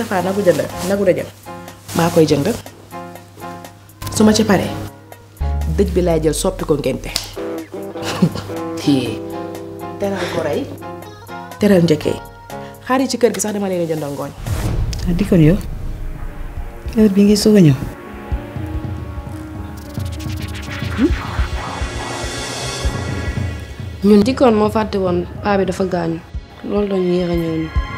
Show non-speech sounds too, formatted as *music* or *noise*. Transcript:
Moustapha nagu jënd nagu dajal maa koy jënd su ci paree dëj bi laay jël soppi ko ngente *laughs* teral ko rey Hari ceker xaar ci kër gi sax dama leen jëndal ngooñ ah, di kon yow heure bi ngi hmm? ñun dafa lol